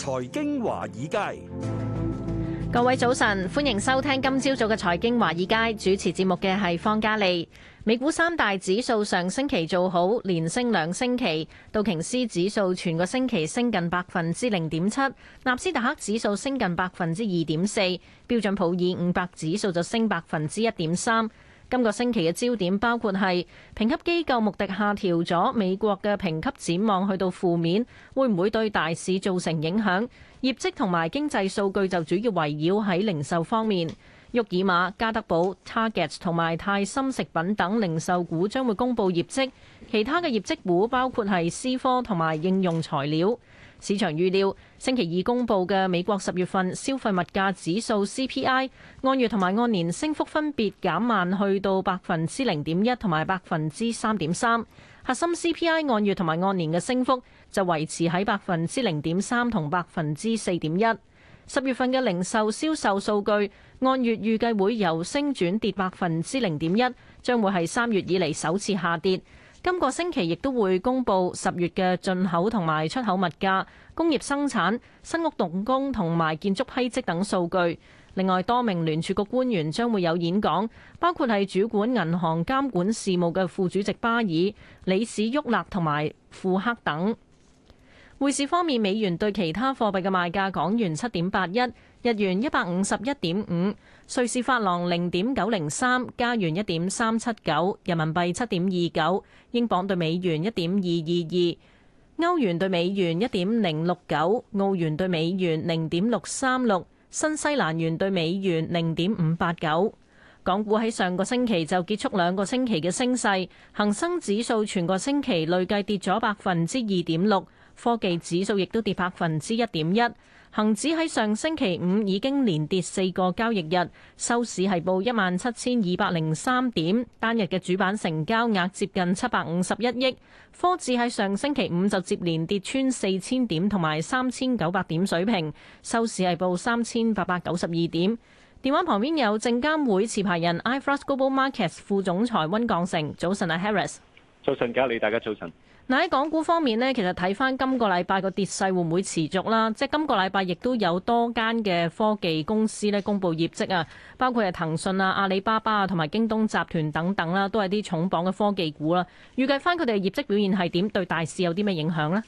財經華爾街，各位早晨，歡迎收聽今朝早嘅財經華爾街。主持節目嘅係方嘉莉。美股三大指數上星期做好，連升兩星期。道瓊斯指數全個星期升近百分之零點七，納斯達克指數升近百分之二點四，標準普爾五百指數就升百分之一點三。今個星期嘅焦點包括係評級機構穆迪下調咗美國嘅評級展望，去到負面，會唔會對大市造成影響？業績同埋經濟數據就主要圍繞喺零售方面，沃爾瑪、家得寶、Target 同埋泰森食品等零售股將會公布業績，其他嘅業績股包括係思科同埋應用材料。市場預料，星期二公佈嘅美國十月份消費物價指數 CPI 按月同埋按年升幅分別減慢去到百分之零點一同埋百分之三點三，核心 CPI 按月同埋按年嘅升幅就維持喺百分之零點三同百分之四點一。十月份嘅零售銷售數據按月預計會由升轉跌百分之零點一，將會係三月以嚟首次下跌。今個星期亦都會公布十月嘅進口同埋出口物價、工業生產、新屋動工同埋建築批積等數據。另外，多名聯儲局官員將會有演講，包括係主管銀行監管事務嘅副主席巴爾、李史沃勒同埋庫克等。匯市方面，美元對其他貨幣嘅賣價，港元七點八一。日元一百五十一點五，瑞士法郎零點九零三，加元一點三七九，人民幣七點二九，英鎊對美元一點二二二，歐元對美元一點零六九，澳元對美元零點六三六，新西蘭元對美元零點五八九。港股喺上個星期就結束兩個星期嘅升勢，恒生指數全個星期累計跌咗百分之二點六，科技指數亦都跌百分之一點一。恒指喺上星期五已經連跌四個交易日，收市係報一萬七千二百零三點，單日嘅主板成交額接近七百五十一億。科指喺上星期五就接連跌穿四千點同埋三千九百點水平，收市係報三千八百九十二點。電話旁邊有證監會持牌人 iFAST Global Markets 副總裁温鋼成，早晨啊，Harris。早晨，嘉莉，大家早晨。嗱喺港股方面呢，其實睇翻今個禮拜個跌勢會唔會持續啦？即係今個禮拜亦都有多間嘅科技公司咧公布業績啊，包括係騰訊啊、阿里巴巴啊、同埋京東集團等等啦，啊，都係啲重磅嘅科技股啦，啊。預計翻佢哋嘅業績表現係點？對大市有啲咩影響呢？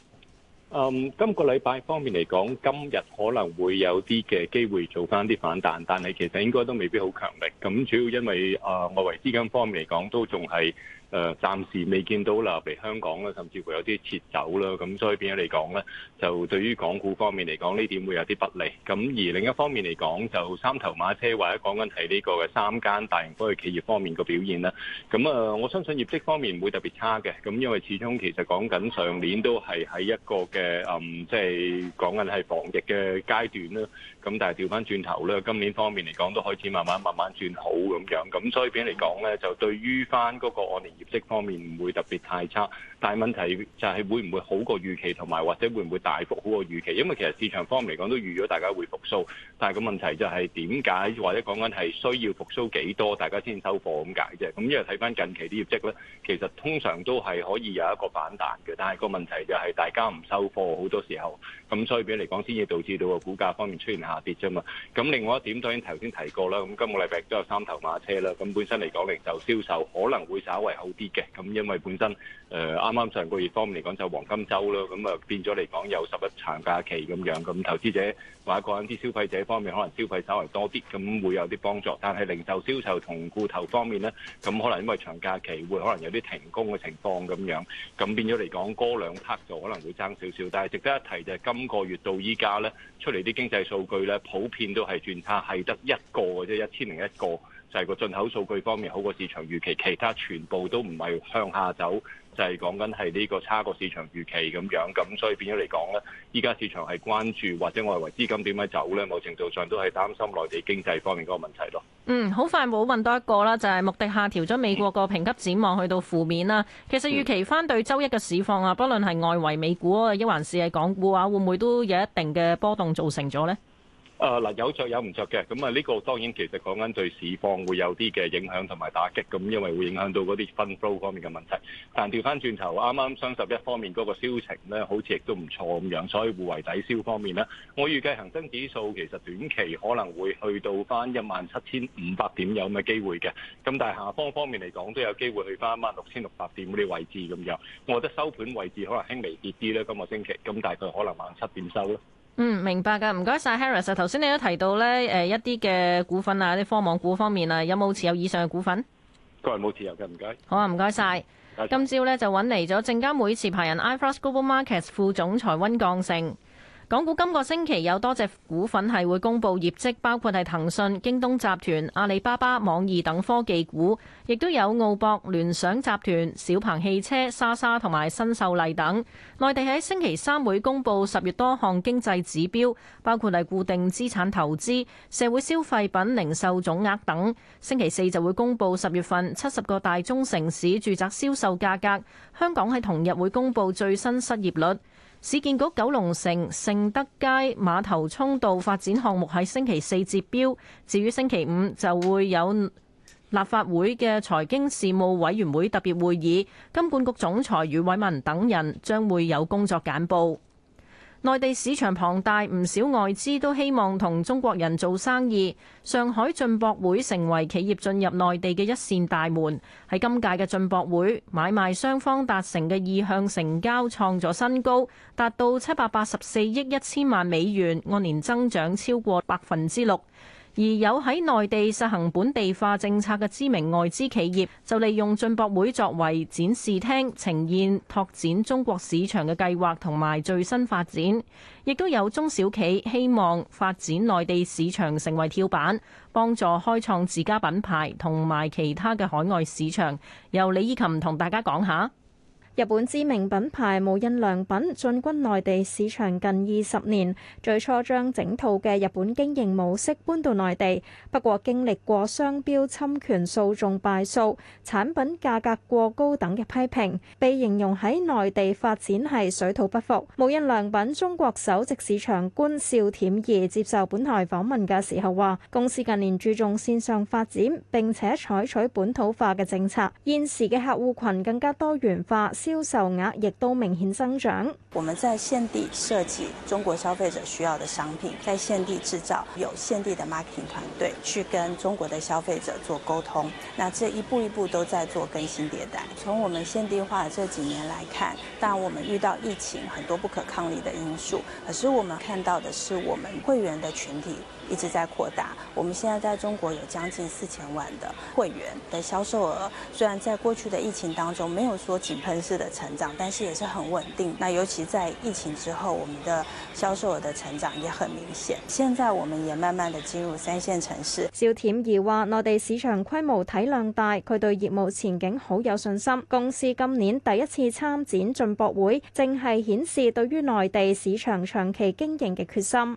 誒、嗯，今、今個禮拜方面嚟講，今日可能會有啲嘅機會做翻啲反彈，但係其實應該都未必好強力。咁主要因為誒、呃、外圍資金方面嚟講，都仲係。誒暫時未見到，例如香港咧，甚至乎有啲撤走啦，咁所以變咗嚟講咧，就對於港股方面嚟講，呢點會有啲不利。咁而另一方面嚟講，就三頭馬車或者講緊係呢個嘅三間大型科技企業方面個表現啦。咁啊，我相信業績方面唔會特別差嘅。咁因為始終其實講緊上年都係喺一個嘅誒，即係講緊係防疫嘅階段啦。咁但係調翻轉頭咧，今年方面嚟講都開始慢慢慢慢轉好咁樣。咁所以變咗嚟講咧，就對於翻嗰個按年。業績方面唔會特別太差，但係問題就係會唔會好過預期，同埋或者會唔會大幅好過預期？因為其實市場方面嚟講都預咗大家會復甦，但係個問題就係點解或者講緊係需要復甦幾多大家先收貨咁解啫？咁因為睇翻近期啲業績咧，其實通常都係可以有一個反彈嘅，但係個問題就係大家唔收貨，好多時候咁所以，比如嚟講，先至導致到個股價方面出現下跌啫嘛。咁另外一點，當然頭先提過啦，咁今個禮拜都有三頭馬車啦。咁本身嚟講零售銷售可能會稍為好啲嘅，咁因為本身誒啱啱上個月方面嚟講就黃金周咯，咁啊變咗嚟講有十一長假期咁樣。咁投資者或者嗰啲消費者方面可能消費稍微多啲，咁會有啲幫助。但係零售銷售同固投方面呢，咁可能因為長假期會可能有啲停工嘅情況咁樣，咁變咗嚟講嗰兩 part 就可能會爭少少。但係值得一提就係、是、今個月到依家呢出嚟啲經濟數據呢，普遍都係轉差，係得一個嘅啫，一千零一個。就係個進口數據方面好過市場預期，其他全部都唔係向下走，就係、是、講緊係呢個差過市場預期咁樣，咁所以變咗嚟講呢依家市場係關注或者外圍資金點樣走呢？某程度上都係擔心內地經濟方面嗰個問題咯。嗯，好快冇問多一個啦，就係、是、穆迪下調咗美國個評級展望去到負面啦。其實預期翻對周一嘅市況啊，不論係外圍美股啊，抑還是係港股啊，會唔會都有一定嘅波動造成咗呢？誒嗱、呃，有着有唔着嘅，咁啊呢個當然其實講緊對市況會有啲嘅影響同埋打擊，咁、嗯、因為會影響到嗰啲 fund flow 方面嘅問題。但調翻轉頭，啱啱雙十一方面嗰個銷情咧，好似亦都唔錯咁樣，所以互為抵銷方面咧，我預計恒生指數其實短期可能會去到翻一萬七千五百點有咁嘅機會嘅。咁、嗯、但係下方方面嚟講都有機會去翻一萬六千六百點嗰啲位置咁樣。我覺得收盤位置可能輕微跌啲咧，今個星期，咁、嗯、大概可能萬七點收咯。嗯，明白噶，唔該晒，Harris。頭先你都提到咧，誒，一啲嘅股份啊，啲科網股方面啊，有冇持有以上嘅股份？都係冇持有嘅，唔該。好啊，唔該晒。今朝咧就揾嚟咗證監會持牌人 iFAST Global Markets 副總裁溫鋼城，盛。港股今個星期有多隻股份係會公布業績，包括係騰訊、京東集團、阿里巴巴、網易等科技股，亦都有澳博、聯想集團、小鵬汽車、莎莎同埋新秀麗等。內地喺星期三會公布十月多項經濟指標，包括係固定資產投資、社會消費品零售總額等。星期四就會公布十月份七十個大中城市住宅銷售價格。香港喺同日會公布最新失業率。市建局九龍城盛德街碼頭涌道發展項目喺星期四截標，至於星期五就會有立法會嘅財經事務委員會特別會議，金管局總裁余偉文等人將會有工作簡報。內地市場龐大，唔少外資都希望同中國人做生意。上海進博會成為企業進入內地嘅一扇大門。喺今屆嘅進博會，買賣雙方達成嘅意向成交創咗新高，達到七百八十四億一千萬美元，按年增長超過百分之六。而有喺內地實行本地化政策嘅知名外資企業，就利用進博會作為展示廳，呈現拓展中國市場嘅計劃同埋最新發展。亦都有中小企希望發展內地市場成為跳板，幫助開創自家品牌同埋其他嘅海外市場。由李依琴同大家講下。日本知名品牌無印良品進軍內地市場近銷售額亦都明顯增長。我們在限地設計中國消費者需要的商品，在限地製造，有限地的 marketing 團隊去跟中國的消費者做溝通。那這一步一步都在做更新迭代。從我們現地化這幾年來看，當然我們遇到疫情很多不可抗力的因素。可是我們看到的是，我們會員的群體一直在擴大。我們現在在中國有將近四千萬的會員的銷售額，雖然在過去的疫情當中沒有說井噴。的成長，但是也是很穩定。那尤其在疫情之後，我們的銷售額的成長也很明顯。現在我們也慢慢的進入三線城市。趙恬儀話：內地市場規模體量大，佢對業務前景好有信心。公司今年第一次參展進博會，正係顯示對於內地市場長期經營嘅決心。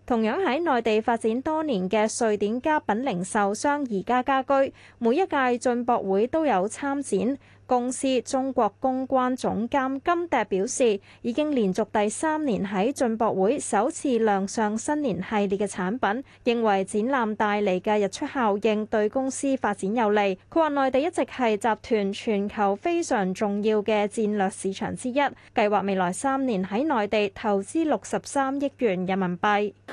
同樣喺內地發展多年嘅瑞典家品零售商宜家家居，每一屆進博會都有參展。公司中國公關總監金鈿表示，已經連續第三年喺進博會首次亮相新年系列嘅產品，認為展覽帶嚟嘅溢出效應對公司發展有利。佢話：內地一直係集團全球非常重要嘅戰略市場之一，計劃未來三年喺內地投資六十三億元人民幣。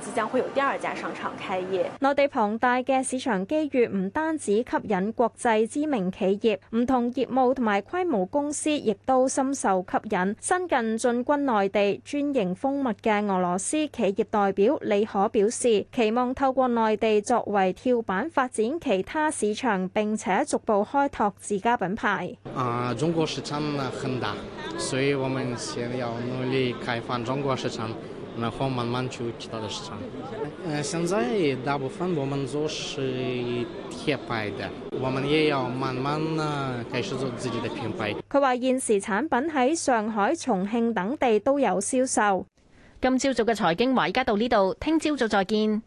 即將會有第二家商場開業。內地龐大嘅市場機遇唔單止吸引國際知名企業，唔同業務同埋規模公司亦都深受吸引。新近進軍內地專營蜂蜜嘅俄羅斯企業代表李可表示，期望透過內地作為跳板發展其他市場，並且逐步開拓自家品牌。啊，中國市場很大，所以我們先要努力開放中國市場。然後慢慢去其他的市場，現在大部分我們都是貼牌的，我們也要慢慢呢，開始做自己的品牌。佢話：現時產品喺上海、重慶等地都有銷售。今朝早嘅財經話，而家到呢度，聽朝早再見。